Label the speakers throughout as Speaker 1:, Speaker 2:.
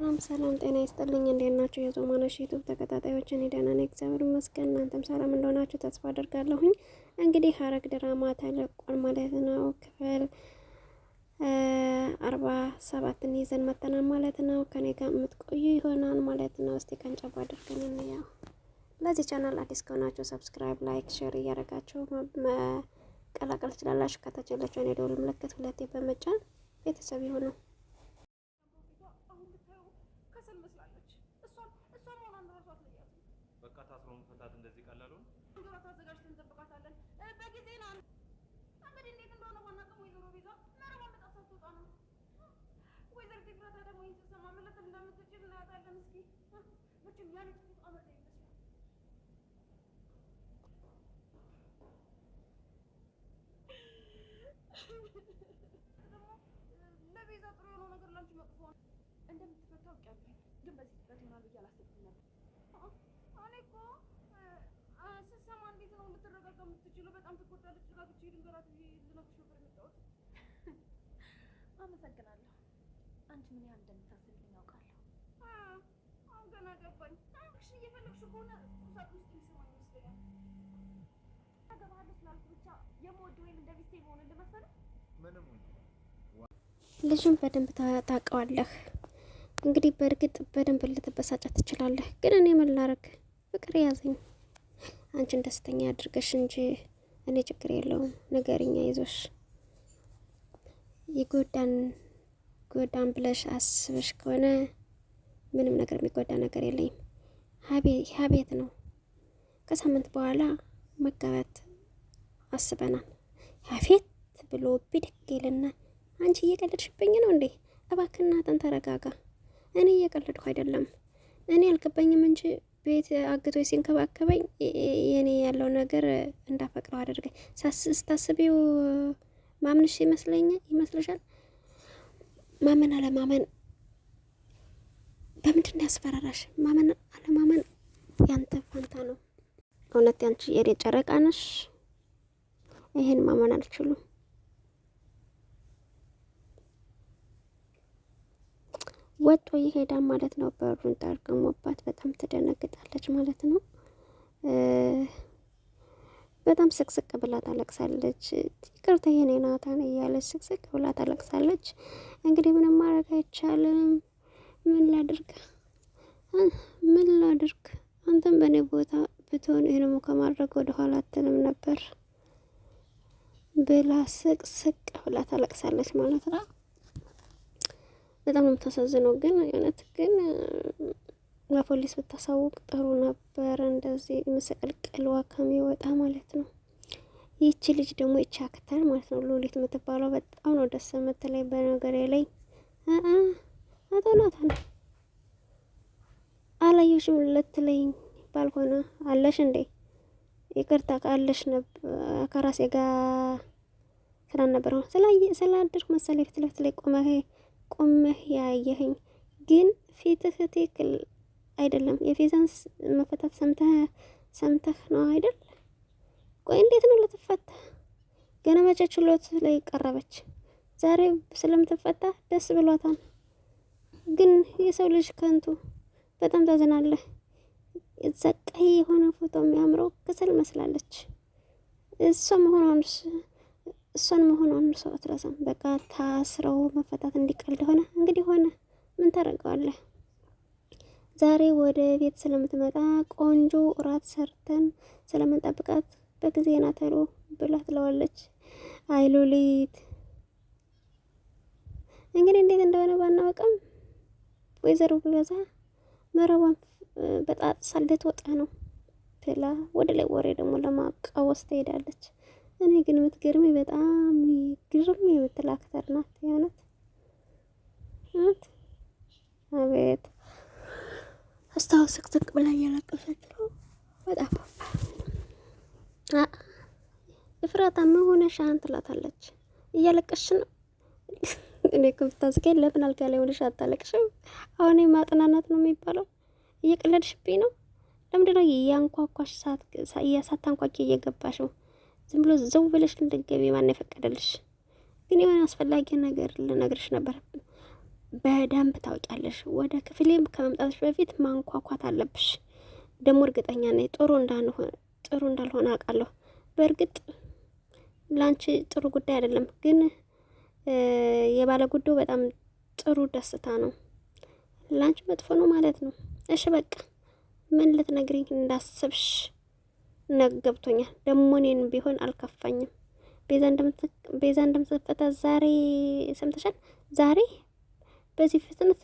Speaker 1: ሰላም ሰላም፣ ጤና ይስጥልኝ። እንዴት ናቸው የዞማነሽ ዩቱብ ተከታታዮች? እኔ ደህና ነኝ እግዚአብሔር ይመስገን። እናንተም ሰላም እንደሆናችሁ ተስፋ አደርጋለሁኝ። እንግዲህ ሐረግ ድራማ ተለቋል ማለት ነው። ክፍል አርባ ሰባትን ይዘን መተናል ማለት ነው። ከኔ ጋር የምትቆዩ ይሆናል ማለት ነው። እስቲ ቀንጨባ አድርገን እንያው። ለዚህ ቻናል አዲስ ከሆናችሁ ሰብስክራይብ፣ ላይክ፣ ሼር እያደረጋችሁ መቀላቀል ትችላላችሁ። ከታች ያለችውን የደወል ምልክት ሁለቴ በመጫን ቤተሰብ ይሁኑ። ነው። ወይዘር ጌትነታ ደግሞ የተሰማ መለጠል እንደምትችል እናያታለን። እስኪ መቼም ያለች አመር ይመስላል። ደግሞ ለቤዛ ጥሩ የሆነው ነገር ላንቺ መጥፎ እንደምትፈታው አውቃለሁ፣ ግን በዚህ ትፈት ይሆናል ብዬ አላሰብኩም ነበር። እኔ እኮ ስትሰማ እንዴት ነው ልትረጋጋ የምትችለው? በጣም ትጎዳለች። ልጋግቼ ልንገራት ብዬ አንቺ ምን ያህል እንደምታስብልኝ ያውቃለሁ። አሁን ገና ገባኝ። እየፈለግሽ ከሆነ ይመስለኛል። አገባለሁ ስላልኩ ብቻ የምወድ ወይም እንደ ሚስቴ መሆን እንደመሰለ ምንም በደንብ ታውቀዋለህ። እንግዲህ በእርግጥ በደንብ ልትበሳጫ ትችላለህ፣ ግን እኔ ምን ፍቅር ያዘኝ። አንቺን ደስተኛ አድርገሽ እንጂ እኔ ችግር የለውም። ነገርኛ ይዞሽ የጎዳን ጎዳም ብለሽ አስበሽ ከሆነ ምንም ነገር የሚጎዳ ነገር የለኝም። ሀቤት ነው። ከሳምንት በኋላ መጋባት አስበናል። ሀፌት ብሎ ብድግ ይልና አንቺ እየቀለድሽብኝ ነው እንዴ? እባክና ጠን ተረጋጋ። እኔ እየቀለድኩ አይደለም። እኔ አልገባኝም እንጂ ቤት አግቶ ሲንከባከበኝ የኔ ያለው ነገር እንዳፈቅረው አደርገኝ። ስታስቢው ማምንሽ ይመስለኛል ይመስልሻል? ማመን አለማመን በምንድን ያስፈራራሽ? ማመን አለማመን ያንተ ፋንታ ነው። እውነት ያንቺ የሬ ጨረቃ ነሽ። ይህን ማመን አልችሉም። ወጦ ይሄዳ ማለት ነው። በሩን ጠርግሞባት በጣም ትደነግጣለች ማለት ነው። በጣም ስቅስቅ ብላ ታለቅሳለች። ይቅርታ የኔ ናታን እያለች ስቅስቅ ብላ ታለቅሳለች። እንግዲህ ምንም ማድረግ አይቻልም። ምን ላድርግ፣ ምን ላድርግ። አንተም በእኔ ቦታ ብትሆን ይህንሙ ከማድረግ ወደኋላ አትልም ነበር ብላ ስቅስቅ ብላ ታለቅሳለች ማለት ነው። በጣም ነው የምታሳዝነው። ግን የእውነት ግን በፖሊስ ብታሳውቅ ጥሩ ነበር። እንደዚህ ምስቅልቅልዋ ከሚወጣ ማለት ነው። ይቺ ልጅ ደግሞ ይቺ አክተር ማለት ነው ሎሊት የምትባለው በጣም ነው ደስ የምትለኝ። በነገር ላይ አቶ ናታን አላየሽም ልትለኝ ባልሆነ አለሽ እንዴ? ይቅርታ ካለሽ ከራሴ ጋር ስላልነበረ ስላደርኩ መሰለኝ ፊት ለፊት ላይ ቆመህ ቆመህ ያየኸኝ ግን ፊትህ ትክክል አይደለም። የፌዛን መፈታት ሰምተህ ሰምተህ ነው አይደል? ቆይ እንዴት ነው ልትፈታ? ገና መቼ ችሎት ላይ ቀረበች? ዛሬ ስለምትፈታ ደስ ብሏታል። ግን የሰው ልጅ ከንቱ በጣም ታዝናለህ። ዘቀይ ቀይ የሆነ ፎቶ የሚያምረው ክስል መስላለች። እሷ መሆኗን እሷን መሆኗን ሰው አትረሳም። በቃ ታስረው መፈታት እንዲቀልድ ሆነ። እንግዲህ ሆነ፣ ምን ታደርገዋለህ? ዛሬ ወደ ቤት ስለምትመጣ ቆንጆ እራት ሰርተን ስለምንጠብቃት በጊዜ ና ቶሎ ብላ ትለዋለች። አይ ሉሊት እንግዲህ እንዴት እንደሆነ ባናውቅም ወይዘሮ ብበዛ መረቧን በጣጥሳ ልትወጣ ነው ትላ ወደ ላይ ወሬ ደግሞ ለማቃወስ ትሄዳለች። እኔ ግን የምትገርሚ በጣም ግርም የምትል አክተር ናት። የእውነት አቤት አስታውስ ስቅስቅ ብላ እያለቀሰች ነው። በጣም እፍራታ ምን ሆነሽ አሁን ትላታለች። እያለቀስሽ ነው እኔ ከምታስገኝ ለምን አልጋ ላይ ሆነሽ አታለቅሽም? አሁን ማጥናናት ነው የሚባለው። እየቀለድሽብኝ ነው። ለምንድነው እያንኳኳሽ ሳታንኳኪ እየገባሽ ነው? ዝም ብሎ ዘው ብለሽ እንድትገቢ ማን የፈቀደልሽ? ግን የሆነ አስፈላጊ ነገር ልነግርሽ ነበር። በደንብ ታውቂያለሽ። ወደ ክፍሌም ከመምጣትሽ በፊት ማንኳኳት አለብሽ። ደግሞ እርግጠኛ ነኝ ጥሩ ጥሩ እንዳልሆነ አውቃለሁ። በእርግጥ ለአንቺ ጥሩ ጉዳይ አይደለም፣ ግን የባለ ጉዳዩ በጣም ጥሩ ደስታ ነው። ለአንቺ መጥፎ ነው ማለት ነው። እሺ በቃ ምን ልትነግሪኝ እንዳሰብሽ ገብቶኛል። ደግሞ እኔን ቢሆን አልከፋኝም። ቤዛ እንደምትፈታ ዛሬ ሰምተሻል? ዛሬ በዚህ ፍጥነት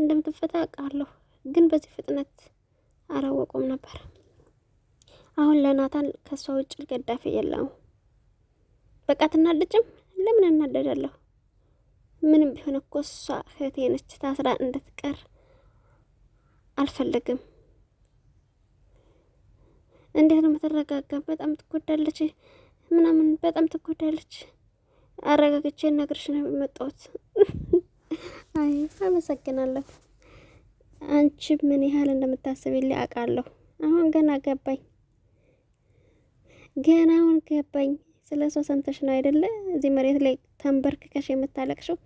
Speaker 1: እንደምትፈታ አውቃለሁ፣ ግን በዚህ ፍጥነት አላወቁም ነበር። አሁን ለናታን ከሷ ውጭ ገዳፊ የለም በቃ ትናደጭም። ለምን እናደዳለሁ? ምንም ቢሆን እኮ እሷ እህቴ ነች። ታስራ እንድትቀር አልፈለግም። እንዴት ነው የምትረጋጋ? በጣም ትጎዳለች ምናምን፣ በጣም ትጎዳለች። አረጋግቼ ነግርሽ ነው የመጣሁት። አይ አመሰግናለሁ። አንቺ ምን ያህል እንደምታስብልኝ አውቃለሁ። አሁን ገና ገባኝ፣ ገና አሁን ገባኝ። ስለ እሷ ሰምተሽ ነው አይደለ? እዚህ መሬት ላይ ተንበርክከሽ የምታለቅሽው።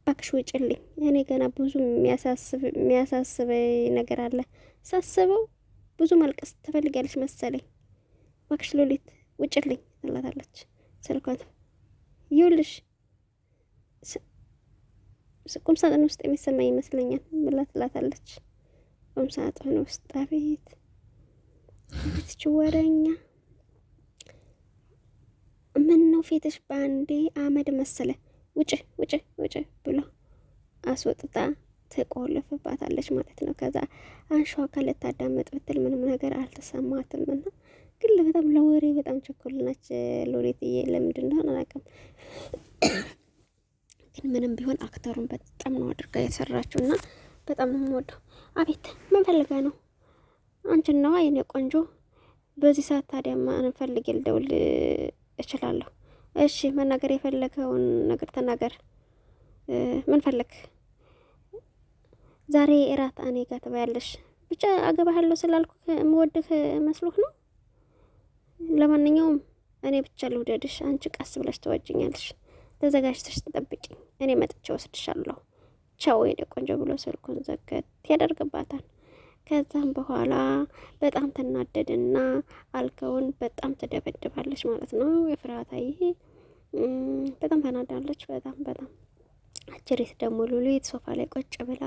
Speaker 1: እባክሽ ውጭልኝ። እኔ ገና ብዙ የሚያሳስበ ነገር አለ። ሳስበው ብዙ መልቀስ ትፈልጋለች መሰለኝ። እባክሽ ሎሊት ውጭልኝ ትላታለች። ስልኳን ይውልሽ ቁም ሳጥን ውስጥ የሚሰማኝ ይመስለኛል ብላ ትላታለች። ቁም ሳጥን ውስጥ አቤት ቤትች ወረኛ ምን ነው ፊትሽ በአንዴ አመድ መሰለ። ውጭ ውጭ ውጭ ብሎ አስወጥታ ትቆልፍባታለች ማለት ነው። ከዛ አንሿካ ልታዳመጥ ብትል ምንም ነገር አልተሰማትም ና ግን በጣም ለወሬ በጣም ችኩል ነች ሎሌትዬ። ለምንድን እንደሆነ አላውቅም። ግን ምንም ቢሆን አክተሩን በጣም ነው አድርጋ የሰራችው እና በጣም ነው የምወደው። አቤት ምን ፈልጋ ነው? አንቺ ነው የኔ ቆንጆ። በዚህ ሰዓት ታዲያ ማን ልደውል እችላለሁ? እሺ መናገር የፈለገውን ነገር ተናገር። ምን ፈለግ? ዛሬ እራት እኔ ጋር ትበያለሽ። ብቻ አገባሃለሁ ስላልኩ የምወድህ መስሎህ ነው? ለማንኛውም እኔ ብቻ ልውደድሽ፣ አንቺ ቀስ ብለሽ ትወጅኛለሽ። ተዘጋጅተሽ ትጠብቂኝ፣ እኔ መጥቼ ወስድሻለሁ፣ ቻው የኔ ቆንጆ ብሎ ስልኩን ዘገት ያደርግባታል። ከዛም በኋላ በጣም ትናደድና አልጋውን በጣም ትደበድባለች ማለት ነው። የፍርሃታዬ በጣም ተናዳለች። በጣም በጣም አጀሬት ደግሞ ሉሊት ሶፋ ላይ ቆጭ ብላ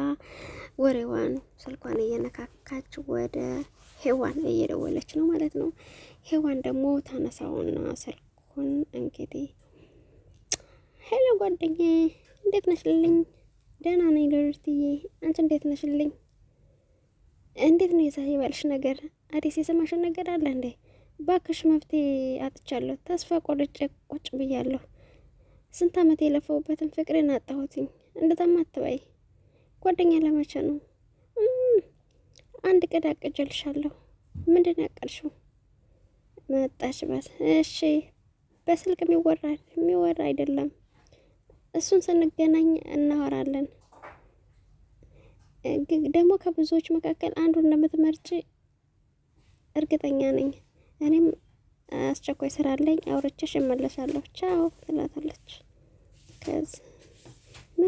Speaker 1: ወሬዋን ስልኳን እየነካካች ወደ ሄዋን እየደወለች ነው ማለት ነው። ሄዋን ደግሞ ታነሳውና ስልኩን እንግዲህ ሄሎ ጓደኛዬ እንዴት ነሽልኝ? ደህና ነኝ ሎርትዬ፣ አንቺ እንዴት ነሽልኝ? እንዴት ነው የዛ ባልሽ ነገር? አዲስ የሰማሽን ነገር አለ እንዴ? ባክሽ መፍትሄ አጥቻለሁ። ተስፋ ቆርጬ ቁጭ ብያለሁ። ስንት አመት የለፈውበትን ፍቅሬን አጣሁትኝ። እንደዛማ አትበይ። ጓደኛ ለመቼ ነው? አንድ ቀን አቅጀልሻለሁ። ምንድን ያቀልሽው? መጣሽበት? እሺ፣ በስልክ የሚወራ የሚወራ አይደለም እሱን ስንገናኝ እናወራለን። ደግሞ ከብዙዎች መካከል አንዱ እንደምትመርጭ እርግጠኛ ነኝ። እኔም አስቸኳይ ስራ አለኝ፣ አውርቼሽ እመለሳለሁ። ቻው ትላታለች። ከዚ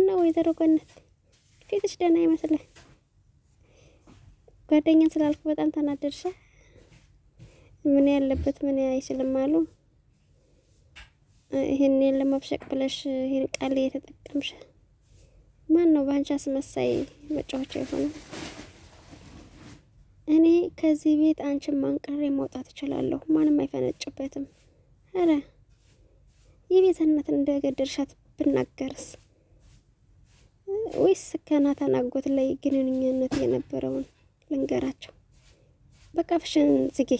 Speaker 1: ነው ወይዘሮ ገነት ፊትሽ ደህና ይመስለ ጓደኛን ስላልኩ በጣም ተናደድሻ? ምን ያለበት ምን አይችልም አሉ ይሄንን ለማብሸቅ ብለሽ ይሄን ቃል እየተጠቀምሽ ማን ነው? በአንቺ አስመሳይ መጫወቻ የሆነ እኔ ከዚህ ቤት አንቺን ማንቀሬ ማውጣት እችላለሁ። ማንም አይፈነጭበትም። ኧረ የቤትነት እንደገደርሻት ብናገርስ? ወይስ ከናታን አጎት ላይ ግንኙነት የነበረውን ልንገራቸው። በቃ ፍሽን ዝጌ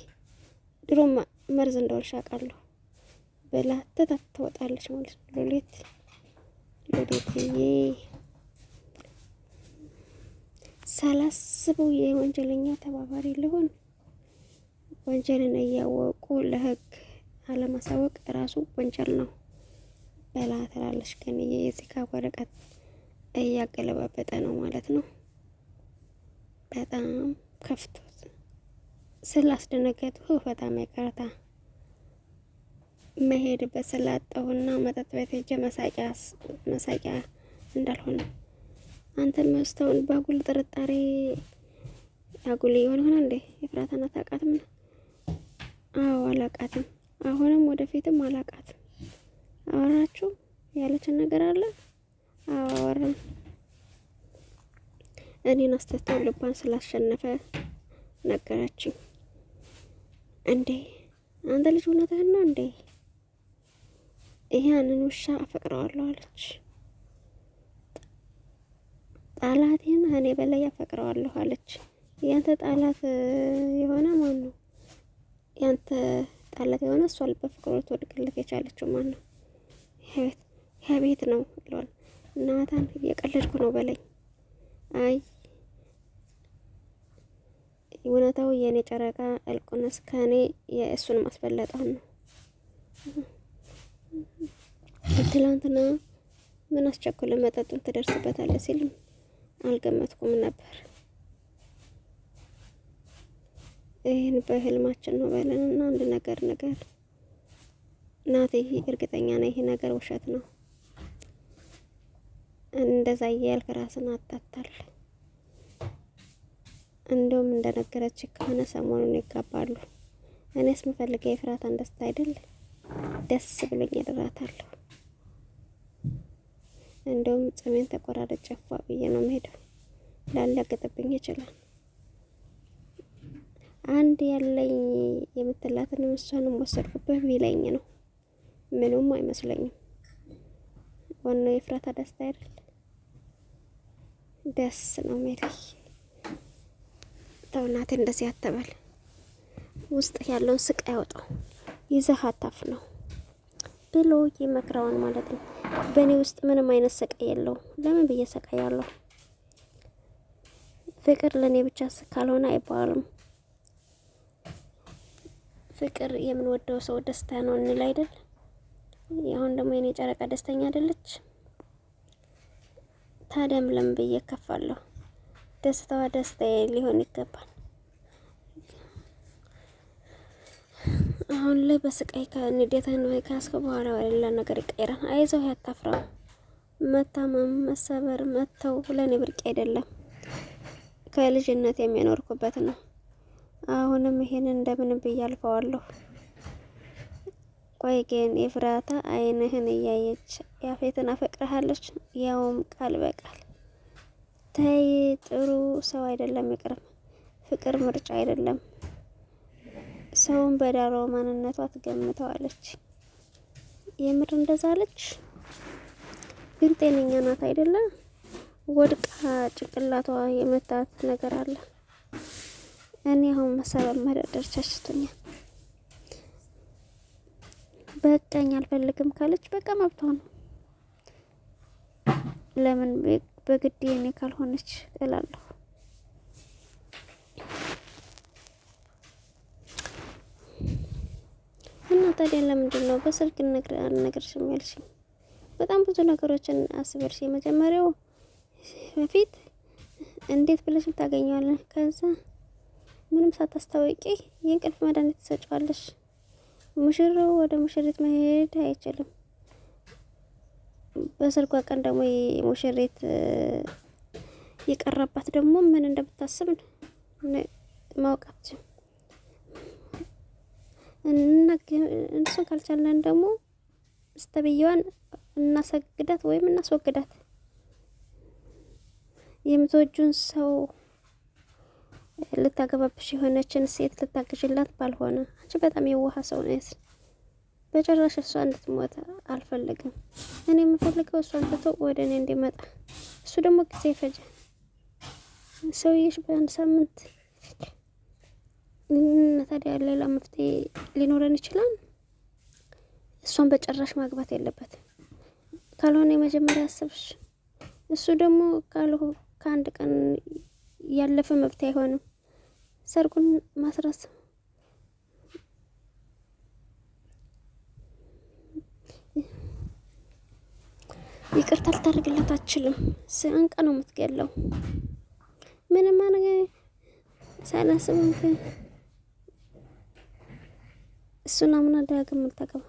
Speaker 1: ድሮም መርዝ እንደሆንሽ አውቃለሁ። ብላ ትታት ትወጣለች ማለት ነው። ሎሌት ሎሌትዬ ሳላስበው የወንጀለኛ ተባባሪ ልሆን ወንጀልን እያወቁ ለህግ አለማሳወቅ ራሱ ወንጀል ነው በላ ትላለች። ግን የዚካ ወረቀት እያገለባበጠ ነው ማለት ነው። በጣም ከፍቶት ስላስደነገጡ በጣም ይቅርታ መሄድ በስላጠውና መጠጥ ቤት ሄጄ መሳቂያ እንዳልሆነ አንተን መስተውን በአጉል ጥርጣሬ አጉል የሆነ ሆነ እንዴ የፍራታና ታውቃትም ነው? አዎ አላቃትም። አሁንም ወደፊትም አላቃትም። አወራችሁ ያለችን ነገር አለ። አዎ እኔን አስተስተው ልቧን ስላሸነፈ ነገረችኝ። እንዴ አንተ ልጅ እውነትህን ነው እንዴ? ይሄንን ውሻ አፈቅረዋለሁ አለች። ጣላቴን እኔ በላይ አፈቅረዋለሁ አለች። ያንተ ጣላት የሆነ ማን ነው? ያንተ ጣላት የሆነ እሷ ልበ ትወድቅለት የቻለችው ማን ነው? ቤት ነው ይለዋል። ናታን እየቀለድኩ ነው በለኝ። አይ እውነታው የእኔ ጨረቃ እልቁንስ ከእኔ የእሱን ማስበለጣን ነው። ትላንትና ምን አስቸኮለ መጠጡን ትደርስበታለህ ሲል አልገመትኩም ነበር። ይህን በህልማችን ነው በለንና አንድ ነገር ነገር ናት። ይሄ እርግጠኛ ነው ይሄ ነገር ውሸት ነው። እንደዛ እያልክ ራስን አታታል። እንደውም እንደነገረች ከሆነ ሰሞኑን ይጋባሉ። እኔስ ምፈልገ የፍራታን ደስታ አይደል? ደስ ብሎኝ እላታለሁ። እንደውም ጸሜን ተቆራረጭ አፏ ብዬ ነው የምሄደው። ላለቅጥብኝ ይችላል። አንድ ያለኝ የምትላትን እሷንም ወሰድኩበት ቢለኝ ነው ምንም አይመስለኝም። ዋናው የፍራታ ደስታ አይደል? ደስ ነው ሜሊ። ተው እናቴ እንደዚህ አትበል። ውስጥ ያለውን ስቃይ አወጣው። ይዘህ ነው። ብሎ ይመክረዋል ማለት ነው። በእኔ ውስጥ ምንም አይነት ሰቃይ የለውም። ለምን ብዬ ሰቃያለሁ? ፍቅር ለእኔ ብቻ ካልሆነ አይባልም። ፍቅር የምንወደው ሰው ደስታ ነው እንል አይደል? አሁን ደግሞ የኔ ጨረቃ ደስተኛ አይደለች። ታዲያም ለምን ብዬ ከፋለሁ? ደስታዋ ደስታዬ ሊሆን ይገባል። አሁን ላይ በስቃይ ንዴትህን ወይ ካስከ በኋላ ወሌላ ነገር ይቀይራል። አይዞህ ያታፍራ መታመም፣ መሰበር፣ መተው ለእኔ ብርቅ አይደለም። ከልጅነት የሚያኖርኩበት ነው። አሁንም ይሄን እንደምንም ብዬ አልፈዋለሁ። ቆይ ግን ኤፍራታ አይንህን እያየች ያፌትን አፈቅረሃለች፣ ያውም ቃል በቃል ተይ። ጥሩ ሰው አይደለም ይቅርም። ፍቅር ምርጫ አይደለም። ሰውን በዳራው ማንነቷ ትገምተዋለች። የምር እንደዛ አለች። ግን ጤነኛ ናት አይደለ? ወድቃ ጭንቅላቷ የመታት ነገር አለ። እኔ አሁን መሳበብ መደርደር ቻችቶኛል። በቀኝ አልፈልግም ካለች በቃ መብቷ ነው። ለምን በግድ የኔ ካልሆነች እላለሁ። እና ታዲያ ለምንድን ነው በስልክ አልነግርሽም ያልሽኝ? በጣም ብዙ ነገሮችን አስበርሽ። የመጀመሪያው በፊት እንዴት ብለሽ ታገኘዋለሽ? ከዛ ምንም ሳታስታወቂ የእንቅልፍ መድኃኒት ትሰጫዋለሽ። ሙሽራው ወደ ሙሽሪት መሄድ አይችልም። በሰርጓ ቀን ደግሞ ሙሽሪት የቀረባት ደግሞ ምን እንደምታስብ ማወቅ እሱን ካልቻለን ደግሞ ስተብየዋን እናሰግዳት ወይም እናስወግዳት። የምትወጁን ሰው ልታገባብሽ የሆነችን ሴት ልታግዥላት ባልሆነ፣ አንቺ በጣም የዋሃ ሰው ነሽ። በጭራሽ እሷ እንድትሞት አልፈልግም። እኔ የምፈልገው እሷን ትቶ ወደ እኔ እንዲመጣ። እሱ ደግሞ ጊዜ ይፈጃል። ሰውዬሽ በአንድ ሳምንት ታዲያ ሌላ መፍትሄ ሊኖረን ይችላል? እሷን በጭራሽ ማግባት ያለበት ካልሆነ የመጀመሪያ አሰብሽ፣ እሱ ደግሞ ካልሆ ከአንድ ቀን ያለፈ መብት አይሆንም። ሰርጉን ማስረስ ይቅርታ ልታደርግለት አትችልም። አንቃ ነው የምትገለው። ምንም አለ ሳላስብ እሱና ምን ዳግም አልጠቀም።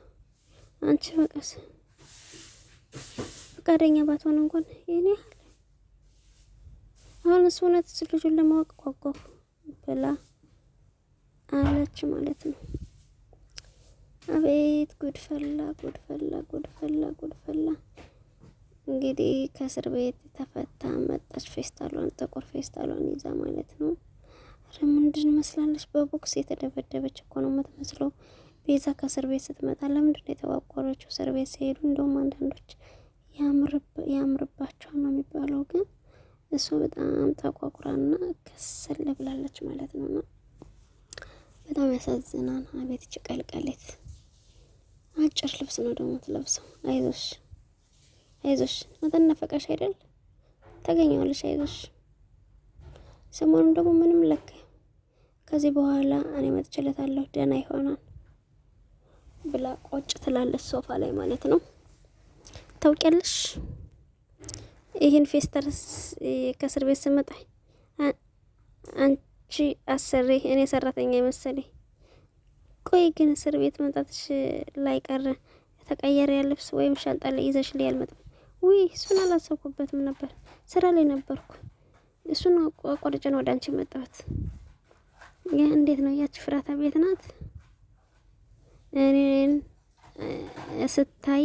Speaker 1: አንቺ በቀስ ፈቃደኛ ባትሆን እንኳን ይህን ያህል አሁን እሱ እውነት ልጁን ለማወቅ ጓጓሁ ብላ አለች ማለት ነው። አቤት ጉድፈላ ጉድፈላ ጉድፈላ ጉድፈላ። እንግዲህ ከእስር ቤት ተፈታ መጣች። ፌስታሏን ጥቁር ፌስታሏን ይዛ ማለት ነው። ምንድን መስላለች? በቦክስ የተደበደበች እኮ ነው የምትመስለው። ቤዛ ከእስር ቤት ስትመጣ ለምንድነው ነው የተቋቆረችው? እስር ቤት ሲሄዱ እንደውም አንዳንዶች ያምርባቸው ነው የሚባለው፣ ግን እሱ በጣም ተቋቁራና ከሰል ብላለች ማለት ነው። እና በጣም ያሳዝናል። አቤት ጭቀልቀሌት! አጭር ልብስ ነው ደግሞ ትለብሰው። አይዞሽ አይዞሽ፣ መተነፈቀሽ አይደል? ተገኘዋለሽ። አይዞሽ። ሰሞኑን ደግሞ ምንም ለክ ከዚህ በኋላ እኔ መጥቼለታለሁ፣ ደህና ይሆናል። ብላ ቆጭ ትላለች ሶፋ ላይ ማለት ነው። ታውቂያለሽ ይህን ፌስተር ከእስር ቤት ስመጣ አንቺ አሰሪ እኔ ሰራተኛ የመሰለኝ። ቆይ ግን እስር ቤት መምጣትሽ ላይ ቀረ ተቀየረ ልብስ ወይም ሻንጣ ላይ ይዘሽ ላይ አልመጣም? ውይ እሱን አላሰብኩበትም ነበር፣ ስራ ላይ ነበርኩ። እሱን አቋርጬ ነው ወደ አንቺ መጣሁት። እንዴት ነው ያቺ ፍራታ ቤት ናት? እኔን ስታይ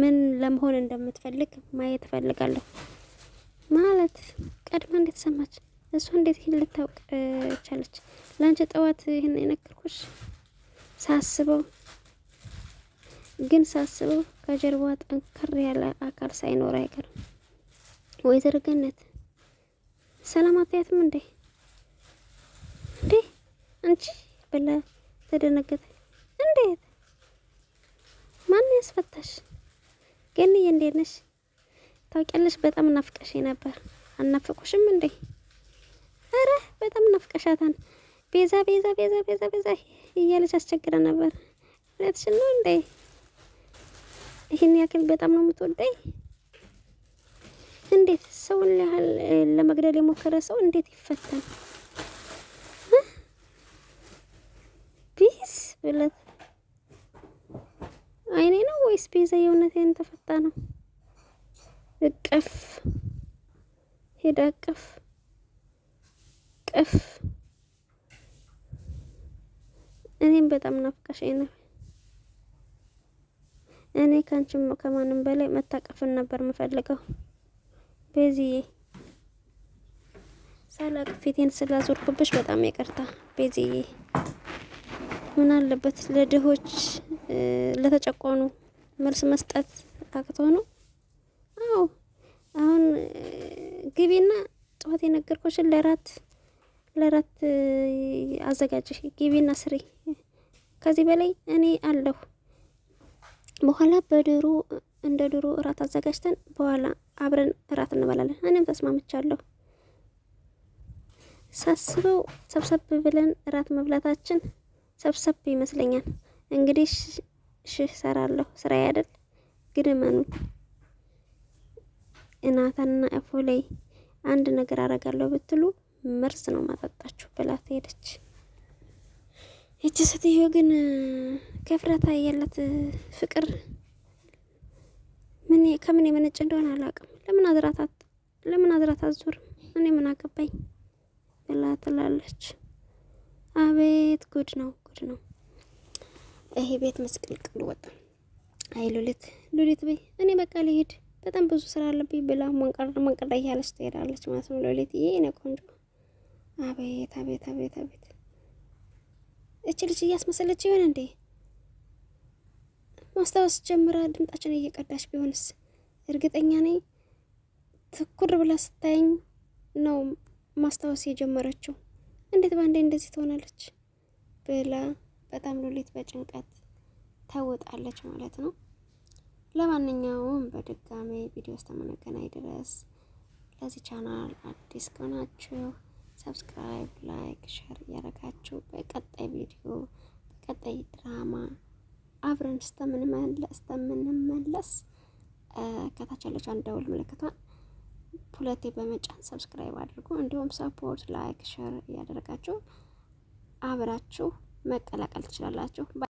Speaker 1: ምን ለመሆን እንደምትፈልግ ማየት እፈልጋለሁ ማለት ቀድማ እንዴት ሰማች? እሷ እንዴት ይህን ልታውቅ ቻለች? ለአንቺ ጠዋት ይህን የነገርኩሽ ሳስበው ግን ሳስበው ከጀርባዋ ጠንከር ያለ አካል ሳይኖር አይቀርም። ወይዘሮ ገነት ሰላም አትያትም እንዴ? እንዴ አንቺ ብላ ተደነገጠ። እንዴት? ማን ያስፈታሽ? ገንዬ እንዴት ነሽ? ታውቂያለሽ፣ በጣም ናፍቀሽ ነበር። አናፈቁሽም እንዴ? አረ በጣም ናፍቀሻታን። ቤዛ ቤዛ ቤዛ ቤዛ ቤዛ እያለች አስቸግረ ነበር። እውነትሽን ነው እንዴ? ይህን ያክል በጣም ነው የምትወደኝ? እንዴት ሰውን ያህል ለመግደል የሞከረ ሰው እንዴት ይፈታል? ቢስ ብለት አይኔ ነው ወይስ ቤዛ የእውነቴን ተፈታ ነው? እቀፍ ሄዳ እቀፍ ቀፍ እኔም በጣም ናፍቃሽ ነው። እኔ ካንቺም ከማንም በላይ መታቀፍን ነበር የምፈልገው። ቤዚዬ ሳላቅ ፊቴን ስላዞርኩብሽ በጣም ይቅርታ ቤዚዬ። ምን አለበት ለድሆች ለተጨቆኑ መልስ መስጠት አቅቶ ነው? አዎ አሁን ግቢና ጠዋት የነገርኩሽን ለራት ለራት አዘጋጅሽ ግቢና ስሪ። ከዚህ በላይ እኔ አለሁ። በኋላ በድሮ እንደ ድሮ እራት አዘጋጅተን በኋላ አብረን እራት እንበላለን። እኔም ተስማምቻለሁ። ሳስበው ሰብሰብ ብለን እራት መብላታችን ሰብሰብ ይመስለኛል። እንግዲህ ሽህ ሰራለሁ ስራ ያደል ግን እመኑ እናታና እፎ ላይ አንድ ነገር አደርጋለሁ ብትሉ መርዝ ነው ማጠጣችሁ ብላ ሄደች። ይቺ ሴትዮ ግን ከፍረታ ያላት ፍቅር ምን ከምን የመነጨ እንደሆነ አላውቅም። ለምን አዝራታት ለምን አዝራት አዙር እኔ ምን አገባኝ ብላ ትላለች። አቤት ጉድ ነው። ጉድ ነው። ይሄ ቤት ምስቅልቅል ወጣ። አይ ሉሊት ሉሊት በይ እኔ በቃ ልሄድ በጣም ብዙ ስራ አለብኝ ብላ መንቀር መንቀር እያለች ትሄዳለች ማለት ነው። ሉሊት ይሄ ነው ቆንጆ። አቤት አቤት አቤት አቤት እች ልጅ እያስመሰለች ይሆን እንዴ? ማስታወስ ጀምራ ድምጣችን እየቀዳች ቢሆንስ? እርግጠኛ ነኝ ትኩር ብላ ስታየኝ ነው ማስታወስ የጀመረችው። እንዴት ባንዴ እንደዚህ ትሆናለች? ብላ በጣም ሉሊት በጭንቀት ተውጣለች ማለት ነው። ለማንኛውም በድጋሚ ቪዲዮ እስከምንገናኝ ድረስ ለዚህ ቻናል አዲስ ከሆናችሁ ሰብስክራይብ፣ ላይክ፣ ሸር እያደረጋችሁ በቀጣይ ቪዲዮ በቀጣይ ድራማ አብረን እስከምንመለስ ከታች ያለች አንድ ደውል ምልክቷን ሁለቴ በመጫን ሰብስክራይብ አድርጉ። እንዲሁም ሰፖርት፣ ላይክ፣ ሸር እያደረጋችሁ አብራችሁ መቀላቀል ትችላላችሁ።